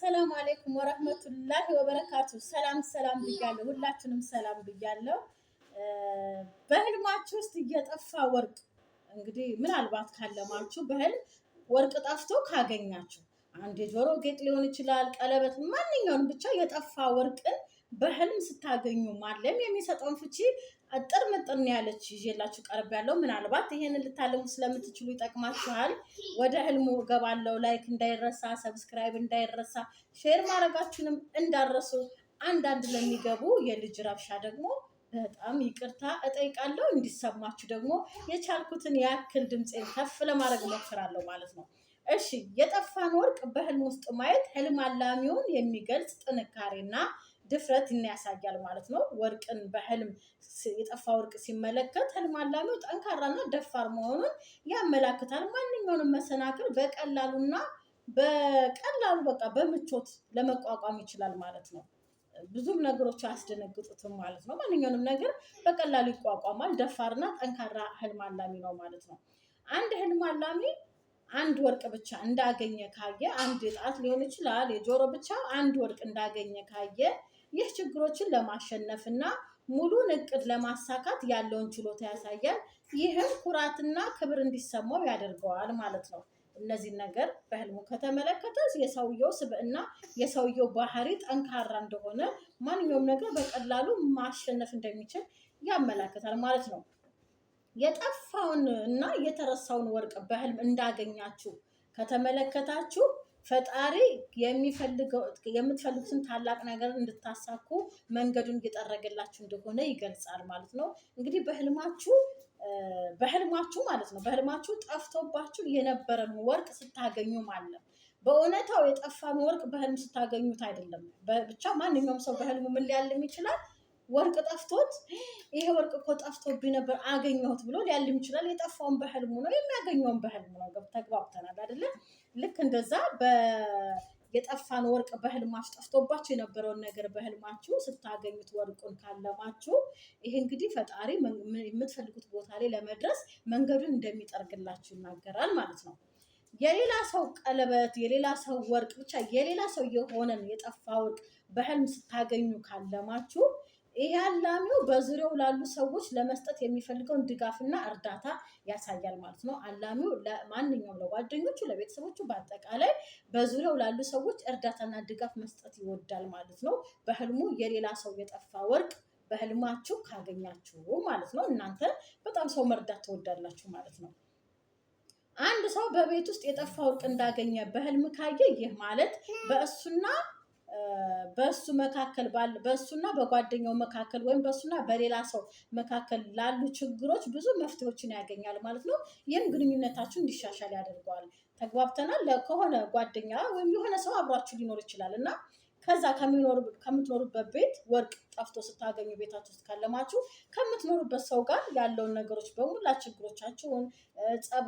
አሰላሙ አሌይኩም ወረህመቱላሂ ወበረካቱ። ሰላም ሰላም ብያለሁ፣ ሁላችንም ሰላም ብያለሁ። በህልማችሁ ውስጥ እየጠፋ ወርቅ እንግዲህ ምናልባት ካለማችሁ በህልም ወርቅ ጠፍቶ ካገኛችሁ አንድ የጆሮ ጌጥ ሊሆን ይችላል፣ ቀለበት፣ ማንኛውንም ብቻ የጠፋ ወርቅን በህልም ስታገኙ ማለም የሚሰጠውን ፍቺ አጥር ምጥን ያለች ይዤላችሁ ቀርብ ያለው ምናልባት ይሄንን ልታለሙ ስለምትችሉ ይጠቅማችኋል። ወደ ህልሙ ገባለው። ላይክ እንዳይረሳ፣ ሰብስክራይብ እንዳይረሳ፣ ሼር ማድረጋችሁንም እንዳረሱ። አንዳንድ ለሚገቡ የልጅ ረብሻ ደግሞ በጣም ይቅርታ እጠይቃለሁ። እንዲሰማችሁ ደግሞ የቻልኩትን ያክል ድምፄን ከፍ ለማድረግ እሞክራለሁ ማለት ነው። እሺ የጠፋን ወርቅ በህልም ውስጥ ማየት ህልም አላሚውን የሚገልጽ ጥንካሬና ድፍረት ያሳያል ማለት ነው። ወርቅን በህልም የጠፋ ወርቅ ሲመለከት ህልም አላሚው ጠንካራና ደፋር መሆኑን ያመላክታል። ማንኛውንም መሰናክል በቀላሉና በቀላሉ በቃ በምቾት ለመቋቋም ይችላል ማለት ነው። ብዙም ነገሮች አያስደነግጡትም ማለት ነው። ማንኛውንም ነገር በቀላሉ ይቋቋማል። ደፋርና ጠንካራ ህልም አላሚ ነው ማለት ነው። አንድ ህልም አላሚ አንድ ወርቅ ብቻ እንዳገኘ ካየ አንድ የጣት ሊሆን ይችላል የጆሮ ብቻ አንድ ወርቅ እንዳገኘ ካየ ይህ ችግሮችን ለማሸነፍ እና ሙሉን እቅድ ለማሳካት ያለውን ችሎታ ያሳያል። ይህም ኩራትና ክብር እንዲሰማው ያደርገዋል ማለት ነው። እነዚህ ነገር በህልሙ ከተመለከተ የሰውየው ስብዕና፣ የሰውየው ባህሪ ጠንካራ እንደሆነ፣ ማንኛውም ነገር በቀላሉ ማሸነፍ እንደሚችል ያመላክታል ማለት ነው። የጠፋውን እና የተረሳውን ወርቅ በህልም እንዳገኛችሁ ከተመለከታችሁ ፈጣሪ የሚፈልገው የምትፈልጉትን ታላቅ ነገር እንድታሳኩ መንገዱን እየጠረገላችሁ እንደሆነ ይገልጻል ማለት ነው። እንግዲህ በህልማችሁ በህልማችሁ ማለት ነው በህልማችሁ ጠፍቶባችሁ የነበረን ወርቅ ስታገኙ ማለት በእውነታው የጠፋን ወርቅ በህልም ስታገኙት አይደለም። ብቻ ማንኛውም ሰው በህልሙ ምን ሊያልም ይችላል ወርቅ ጠፍቶት ይሄ ወርቅ እኮ ጠፍቶብኝ ነበር አገኘሁት ብሎ ሊያልም ይችላል። የጠፋውን በህልሙ ነው የሚያገኘውን በህልሙ ነው። ተግባብተናል አይደለም? ልክ እንደዛ የጠፋን ወርቅ በህልማችሁ ጠፍቶባችሁ የነበረውን ነገር በህልማችሁ ስታገኙት ወርቁን ካለማችሁ ይሄ እንግዲህ ፈጣሪ የምትፈልጉት ቦታ ላይ ለመድረስ መንገዱን እንደሚጠርግላችሁ ይናገራል ማለት ነው። የሌላ ሰው ቀለበት፣ የሌላ ሰው ወርቅ ብቻ የሌላ ሰው የሆነን የጠፋ ወርቅ በህልም ስታገኙ ካለማችሁ ይሄ አላሚው በዙሪያው ላሉ ሰዎች ለመስጠት የሚፈልገውን ድጋፍና እርዳታ ያሳያል ማለት ነው። አላሚው ለማንኛውም ለጓደኞቹ፣ ለቤተሰቦቹ በአጠቃላይ በዙሪያው ላሉ ሰዎች እርዳታና ድጋፍ መስጠት ይወዳል ማለት ነው። በህልሙ የሌላ ሰው የጠፋ ወርቅ በህልማችሁ ካገኛችሁ ማለት ነው እናንተ በጣም ሰው መርዳት ትወዳላችሁ ማለት ነው። አንድ ሰው በቤት ውስጥ የጠፋ ወርቅ እንዳገኘ በህልም ካየ ይህ ማለት በእሱና በሱ መካከል ባለ በሱና በጓደኛው መካከል ወይም በሱና በሌላ ሰው መካከል ላሉ ችግሮች ብዙ መፍትሄዎችን ያገኛል ማለት ነው። ይህም ግንኙነታችሁ እንዲሻሻል ያደርገዋል። ተግባብተናል። ከሆነ ጓደኛ ወይም የሆነ ሰው አብሯችሁ ሊኖር ይችላል እና ከዛ ከምትኖሩበት ቤት ወርቅ ጠፍቶ ስታገኙ ቤታችሁ ውስጥ ካለማችሁ ከምትኖሩበት ሰው ጋር ያለውን ነገሮች በሙላ ችግሮቻችሁን፣ ጸብ፣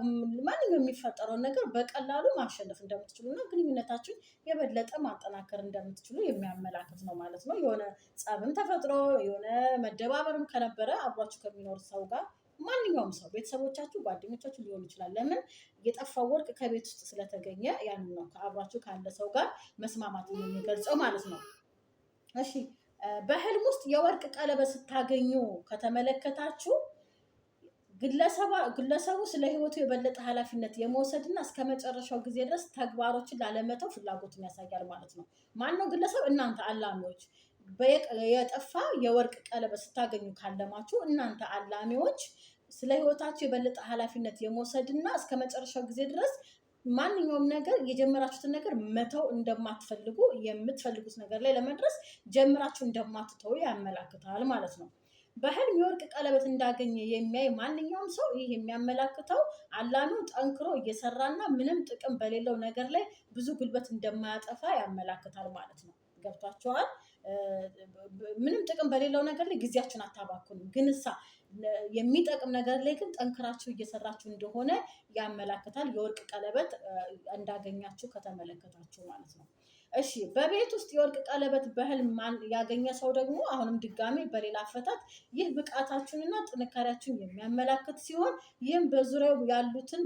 ማንም የሚፈጠረውን ነገር በቀላሉ ማሸነፍ እንደምትችሉ እና ግንኙነታችሁን የበለጠ ማጠናከር እንደምትችሉ የሚያመላክት ነው ማለት ነው። የሆነ ጸብም ተፈጥሮ የሆነ መደባበርም ከነበረ አብሯችሁ ከሚኖር ሰው ጋር ማንኛውም ሰው ቤተሰቦቻችሁ፣ ጓደኞቻችሁ ሊሆን ይችላል። ለምን የጠፋው ወርቅ ከቤት ውስጥ ስለተገኘ ያን ነው ከአብሯችሁ ካለ ሰው ጋር መስማማት የሚገልጸው ማለት ነው። እሺ በህልም ውስጥ የወርቅ ቀለበት ስታገኙ ከተመለከታችሁ ግለሰቡ ስለ ህይወቱ የበለጠ ኃላፊነት የመውሰድና እስከ መጨረሻው ጊዜ ድረስ ተግባሮችን ላለመተው ፍላጎትን ያሳያል ማለት ነው። ማን ነው ግለሰብ? እናንተ አላሚዎች የጠፋ የወርቅ ቀለበት ስታገኙ ካለማችሁ እናንተ አላሚዎች ስለ ህይወታችሁ የበለጠ ኃላፊነት የመውሰድና እስከ መጨረሻው ጊዜ ድረስ ማንኛውም ነገር የጀመራችሁትን ነገር መተው እንደማትፈልጉ የምትፈልጉት ነገር ላይ ለመድረስ ጀምራችሁ እንደማትተው ያመላክታል ማለት ነው። በህልም የወርቅ ቀለበት እንዳገኘ የሚያይ ማንኛውም ሰው ይህ የሚያመላክተው አላሚው ጠንክሮ እየሰራና ምንም ጥቅም በሌለው ነገር ላይ ብዙ ጉልበት እንደማያጠፋ ያመላክታል ማለት ነው። ገብቷችኋል? ምንም ጥቅም በሌለው ነገር ላይ ጊዜያችሁን አታባክኑ። ግን እሳ የሚጠቅም ነገር ላይ ግን ጠንክራችሁ እየሰራችሁ እንደሆነ ያመላክታል። የወርቅ ቀለበት እንዳገኛችሁ ከተመለከታችሁ ማለት ነው። እሺ በቤት ውስጥ የወርቅ ቀለበት በህልም ያገኘ ሰው ደግሞ አሁንም ድጋሜ በሌላ አፈታት ይህ ብቃታችሁንና ጥንካሬያችሁን የሚያመላክት ሲሆን ይህም በዙሪያው ያሉትን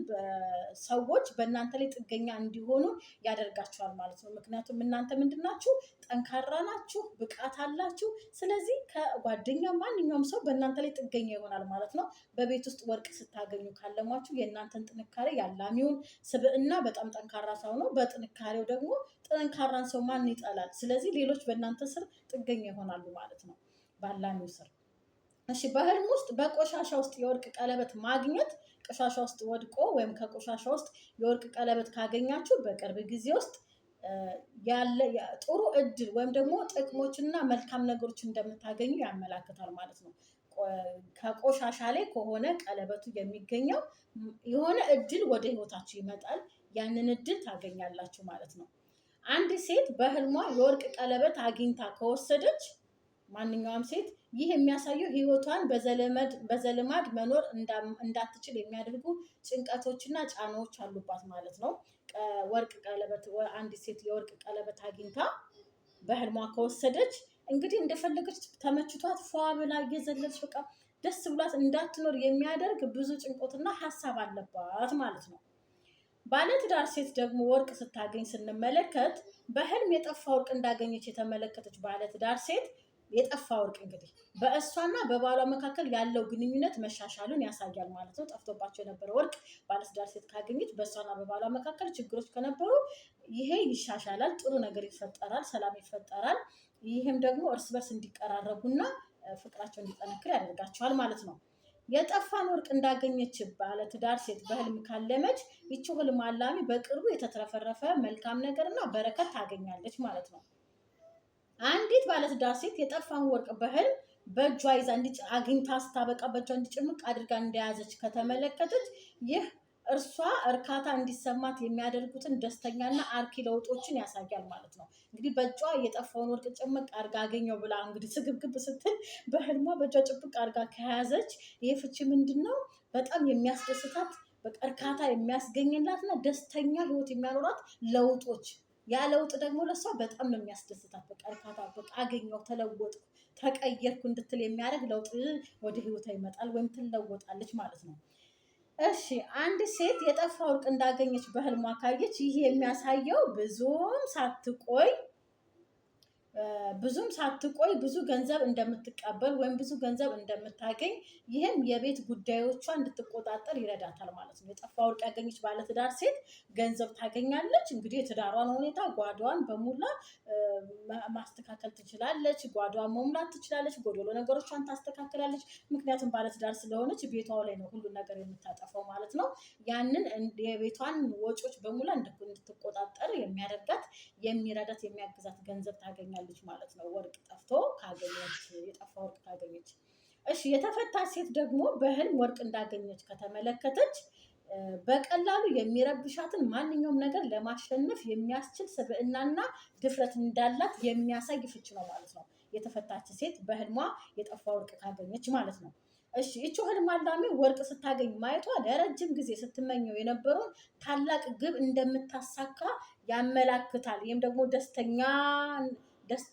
ሰዎች በእናንተ ላይ ጥገኛ እንዲሆኑ ያደርጋችኋል ማለት ነው። ምክንያቱም እናንተ ምንድን ናችሁ? ጠንካራ ናችሁ፣ ብቃት አላችሁ። ስለዚህ ከጓደኛ ማንኛውም ሰው በእናንተ ላይ ጥገኛ ይሆናል ማለት ነው። በቤት ውስጥ ወርቅ ስታገኙ ካለሟችሁ የእናንተን ጥንካሬ ያላሚውን ስብዕና በጣም ጠንካራ ሰው ነው። በጥንካሬው ደግሞ ጠንካራን ሰው ማን ይጠላል? ስለዚህ ሌሎች በእናንተ ስር ጥገኛ ይሆናሉ ማለት ነው፣ ባላሚው ስር። እሺ፣ በህልም ውስጥ በቆሻሻ ውስጥ የወርቅ ቀለበት ማግኘት። ቆሻሻ ውስጥ ወድቆ ወይም ከቆሻሻ ውስጥ የወርቅ ቀለበት ካገኛችሁ በቅርብ ጊዜ ውስጥ ያለ ጥሩ እድል ወይም ደግሞ ጥቅሞችና መልካም ነገሮች እንደምታገኙ ያመላክታል ማለት ነው። ከቆሻሻ ላይ ከሆነ ቀለበቱ የሚገኘው የሆነ እድል ወደ ህይወታችሁ ይመጣል። ያንን እድል ታገኛላችሁ ማለት ነው። አንድ ሴት በህልሟ የወርቅ ቀለበት አግኝታ ከወሰደች ማንኛውም ሴት ይህ የሚያሳየው ህይወቷን በዘልማድ መኖር እንዳትችል የሚያደርጉ ጭንቀቶችና ጫናዎች አሉባት ማለት ነው። ወርቅ ቀለበት አንድ ሴት የወርቅ ቀለበት አግኝታ በህልሟ ከወሰደች እንግዲህ እንደፈለገች ተመችቷት ፏ ብላ እየዘለች በቃ ደስ ብሏት እንዳትኖር የሚያደርግ ብዙ ጭንቆትና ሀሳብ አለባት ማለት ነው። ባለትዳር ሴት ደግሞ ወርቅ ስታገኝ ስንመለከት በህልም የጠፋ ወርቅ እንዳገኘች የተመለከተች ባለትዳር ሴት የጠፋ ወርቅ እንግዲህ በእሷና በባሏ መካከል ያለው ግንኙነት መሻሻሉን ያሳያል ማለት ነው። ጠፍቶባቸው የነበረ ወርቅ ባለትዳር ሴት ካገኘች በእሷና በባሏ መካከል ችግሮች ከነበሩ ይሄ ይሻሻላል፣ ጥሩ ነገር ይፈጠራል፣ ሰላም ይፈጠራል። ይህም ደግሞ እርስ በርስ እንዲቀራረቡና ፍቅራቸው እንዲጠነክር ያደርጋቸዋል ማለት ነው። የጠፋን ወርቅ እንዳገኘች ባለ ትዳር ሴት በህልም ካለመች ይቺ ህልም አላሚ በቅርቡ የተትረፈረፈ መልካም ነገር እና በረከት ታገኛለች ማለት ነው። አንዲት ባለትዳር ሴት የጠፋን ወርቅ በህልም በእጇ ይዛ አግኝታ ስታበቃ በእጇ እንዲጭምቅ አድርጋ እንደያዘች ከተመለከተች ይህ እርሷ እርካታ እንዲሰማት የሚያደርጉትን ደስተኛና አርኪ ለውጦችን ያሳያል ማለት ነው። እንግዲህ በእጇ የጠፋውን ወርቅ ጭምቅ አርጋ አገኘው ብላ እንግዲህ ስግብግብ ስትል በህልሟ በእጇ ጭምቅ አርጋ ከያዘች ይህ ፍቺ ምንድን ነው? በጣም የሚያስደስታት እርካታ የሚያስገኝላትና ደስተኛ ህይወት የሚያኖራት ለውጦች ያ ለውጥ ደግሞ ለእሷ በጣም ነው የሚያስደስታት። በቃ እርካታ በቃ አገኘው፣ ተለወጥኩ፣ ተቀየርኩ እንድትል የሚያደርግ ለውጥ ወደ ህይወቷ ይመጣል ወይም ትለወጣለች ማለት ነው። እሺ አንድ ሴት የጠፋ ወርቅ እንዳገኘች በህልሟ ካየች፣ ይህ የሚያሳየው ብዙም ሳትቆይ ብዙም ሳትቆይ ብዙ ገንዘብ እንደምትቀበል ወይም ብዙ ገንዘብ እንደምታገኝ ይህም የቤት ጉዳዮቿ እንድትቆጣጠር ይረዳታል ማለት ነው። የጠፋ ወርቅ ያገኘች ባለትዳር ሴት ገንዘብ ታገኛለች። እንግዲህ የትዳሯን ሁኔታ ጓዷን በሙላ ማስተካከል ትችላለች። ጓዷን መሙላት ትችላለች። ጎዶሎ ነገሮቿን ታስተካክላለች። ምክንያቱም ባለትዳር ስለሆነች ቤቷ ላይ ነው ሁሉ ነገር የምታጠፋው ማለት ነው። ያንን የቤቷን ወጪዎች በሙላ እንድትቆጣጠር የሚያደርጋት የሚረዳት የሚያግዛት ገንዘብ ታገኛለች ትችላለች ማለት ነው። ወርቅ ጠፍቶ ካገኘች የጠፋ ወርቅ ካገኘች። እሺ የተፈታች ሴት ደግሞ በህልም ወርቅ እንዳገኘች ከተመለከተች በቀላሉ የሚረብሻትን ማንኛውም ነገር ለማሸነፍ የሚያስችል ስብዕናና ድፍረት እንዳላት የሚያሳይ ፍች ነው ማለት ነው። የተፈታች ሴት በህልሟ የጠፋ ወርቅ ካገኘች ማለት ነው። እሺ ይቺ ህልም አላሚ ወርቅ ስታገኝ ማየቷ ለረጅም ጊዜ ስትመኘው የነበረውን ታላቅ ግብ እንደምታሳካ ያመላክታል። ይህም ደግሞ ደስተኛ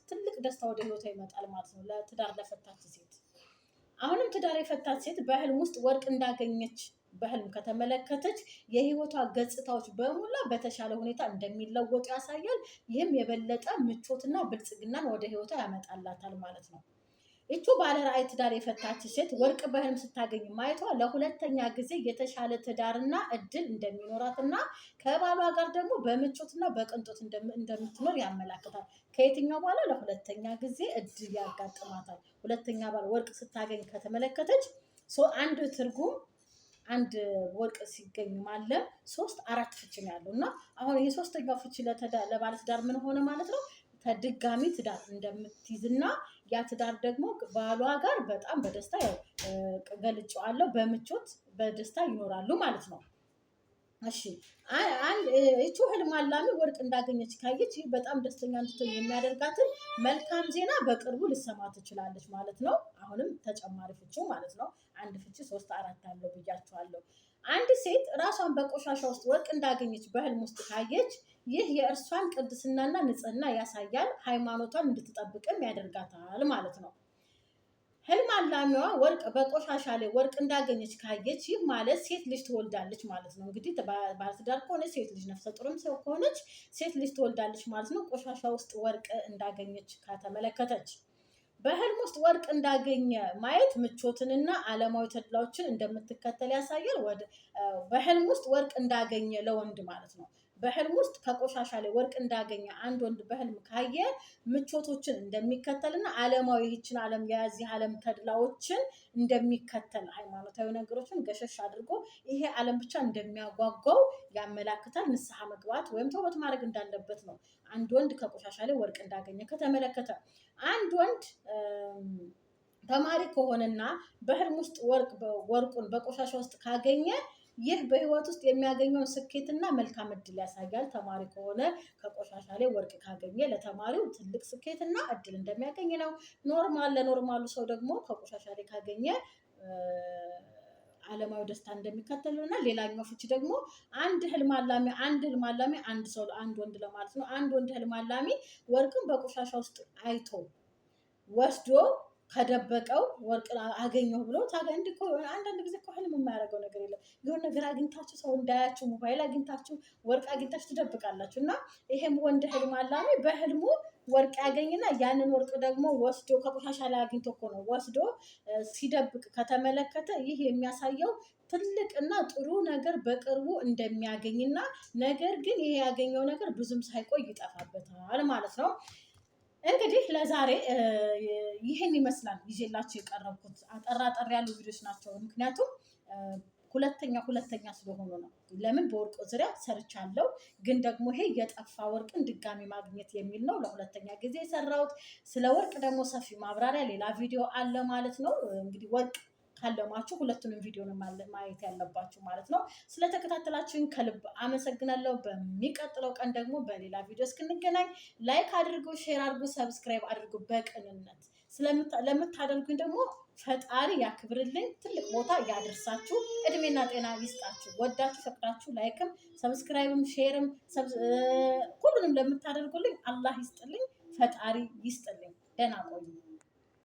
ትልቅ ደስታ ወደ ህይወቷ ይመጣል ማለት ነው። ለትዳር ለፈታች ሴት አሁንም ትዳር የፈታች ሴት በህልም ውስጥ ወርቅ እንዳገኘች በህልም ከተመለከተች የህይወቷ ገጽታዎች በሙላ በተሻለ ሁኔታ እንደሚለወጡ ያሳያል። ይህም የበለጠ ምቾትና ብልጽግናን ወደ ህይወቷ ያመጣላታል ማለት ነው። እቹ ባለ ራዕይ ትዳር የፈታች ሴት ወርቅ በህልም ስታገኝ ማየቷ ለሁለተኛ ጊዜ የተሻለ ትዳርና እድል እንደሚኖራትና ከባሏ ጋር ደግሞ በምቾትና በቅንጦት እንደምትኖር ያመላክታል። ከየትኛው በኋላ ለሁለተኛ ጊዜ እድል ያጋጥማታል። ሁለተኛ ባል ወርቅ ስታገኝ ከተመለከተች አንድ ትርጉም አንድ ወርቅ ሲገኝ ማለ ሶስት አራት ፍቺ ነው ያለው እና አሁን የሶስተኛው ፍች ለባለትዳር ምን ሆነ ማለት ነው ተድጋሚ ትዳር እንደምትይዝና ያ ትዳር ደግሞ ባሏ ጋር በጣም በደስታ ያው በምቾት በደስታ ይኖራሉ ማለት ነው። እሺ ይቺ ህልም አላሚ ወርቅ እንዳገኘች ካየች ይህ በጣም ደስተኛ እንድትሆን የሚያደርጋትን መልካም ዜና በቅርቡ ልሰማ ትችላለች ማለት ነው። አሁንም ተጨማሪ ፍቺው ማለት ነው። አንድ ፍቺ ሶስት አራት አለው ብያቸዋለሁ። አንድ ሴት ራሷን በቆሻሻ ውስጥ ወርቅ እንዳገኘች በህልም ውስጥ ካየች ይህ የእርሷን ቅድስናና ንጽህና ያሳያል፣ ሃይማኖቷን እንድትጠብቅም ያደርጋታል ማለት ነው። ህልም አላሚዋ ወርቅ በቆሻሻ ላይ ወርቅ እንዳገኘች ካየች ይህ ማለት ሴት ልጅ ትወልዳለች ማለት ነው። እንግዲህ ባለትዳር ከሆነች ሴት ልጅ ነፍሰ ጡርም ሰው ከሆነች ሴት ልጅ ትወልዳለች ማለት ነው። ቆሻሻ ውስጥ ወርቅ እንዳገኘች ከተመለከተች በህልም ውስጥ ወርቅ እንዳገኘ ማየት ምቾትንና ዓለማዊ ተድላዎችን እንደምትከተል ያሳያል። በህልም ውስጥ ወርቅ እንዳገኘ ለወንድ ማለት ነው። በህልም ውስጥ ከቆሻሻ ላይ ወርቅ እንዳገኘ አንድ ወንድ በህልም ካየ ምቾቶችን እንደሚከተልና አለማዊ ይህችን ዓለም የዚህ ዓለም ተድላዎችን እንደሚከተል ሃይማኖታዊ ነገሮችን ገሸሽ አድርጎ ይሄ ዓለም ብቻ እንደሚያጓጓው ያመላክታል። ንስሐ መግባት ወይም ተውበት ማድረግ እንዳለበት ነው። አንድ ወንድ ከቆሻሻ ላይ ወርቅ እንዳገኘ ከተመለከተ አንድ ወንድ ተማሪ ከሆነና በህልም ውስጥ ወርቅ ወርቁን በቆሻሻ ውስጥ ካገኘ ይህ በህይወት ውስጥ የሚያገኘውን ስኬትና መልካም እድል ያሳያል። ተማሪ ከሆነ ከቆሻሻ ላይ ወርቅ ካገኘ ለተማሪው ትልቅ ስኬትና እድል እንደሚያገኝ ነው። ኖርማል ለኖርማሉ ሰው ደግሞ ከቆሻሻ ላይ ካገኘ አለማዊ ደስታ እንደሚከተለው እና ሌላኛው ፍቺ ደግሞ አንድ ህልም አላሚ አንድ ህልም አላሚ አንድ ሰው አንድ ወንድ ለማለት ነው። አንድ ወንድ ህልም አላሚ ወርቅም በቆሻሻ ውስጥ አይቶ ወስዶ ከደበቀው ወርቅ አገኘሁ ብሎ አንዳንድ ጊዜ ህልም የማያደርገው ነገር የለም። የሆነ ነገር አግኝታችሁ ሰው እንዳያችሁ ሞባይል አግኝታችሁ ወርቅ አግኝታችሁ ትደብቃላችሁ። እና ይሄም ወንድ ህልም አላሚ በህልሙ ወርቅ ያገኝና ያንን ወርቅ ደግሞ ወስዶ ከቆሻሻ ላይ አግኝቶ እኮ ነው ወስዶ ሲደብቅ ከተመለከተ ይህ የሚያሳየው ትልቅ እና ጥሩ ነገር በቅርቡ እንደሚያገኝና ነገር ግን ይሄ ያገኘው ነገር ብዙም ሳይቆይ ይጠፋበታል ማለት ነው። እንግዲህ ለዛሬ ይህን ይመስላል ይዤላቸው የቀረብኩት አጠራጠር ያሉ ቪዲዮች ናቸው። ምክንያቱም ሁለተኛ ሁለተኛ ስለሆኑ ነው። ለምን በወርቅ ዙሪያ ሰርቻለሁ፣ ግን ደግሞ ይሄ የጠፋ ወርቅን ድጋሚ ማግኘት የሚል ነው። ለሁለተኛ ጊዜ የሰራሁት ስለ ወርቅ ደግሞ ሰፊ ማብራሪያ ሌላ ቪዲዮ አለ ማለት ነው። እንግዲህ ወርቅ ካለማችሁ ሁለቱንም ቪዲዮ ማየት ያለባችሁ ማለት ነው። ስለተከታተላችሁን ከልብ አመሰግናለሁ። በሚቀጥለው ቀን ደግሞ በሌላ ቪዲዮ እስክንገናኝ ላይክ አድርጉ፣ ሼር አድርጉ፣ ሰብስክራይብ አድርጉ በቅንነት ለምታደርጉኝ ደግሞ ፈጣሪ ያክብርልኝ፣ ትልቅ ቦታ ያደርሳችሁ፣ እድሜና ጤና ይስጣችሁ። ወዳችሁ ፈቅዳችሁ ላይክም፣ ሰብስክራይብም፣ ሼርም ሁሉንም ለምታደርጉልኝ አላህ ይስጥልኝ፣ ፈጣሪ ይስጥልኝ። ደህና ቆዩ።